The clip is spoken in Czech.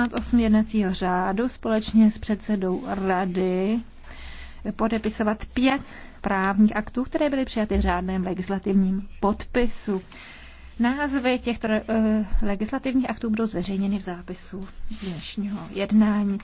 68 jednacího řádu společně s předsedou rady podepisovat pět právních aktů, které byly přijaty v řádném legislativním podpisu. Názvy těchto eh, legislativních aktů budou zveřejněny v zápisu dnešního jednání.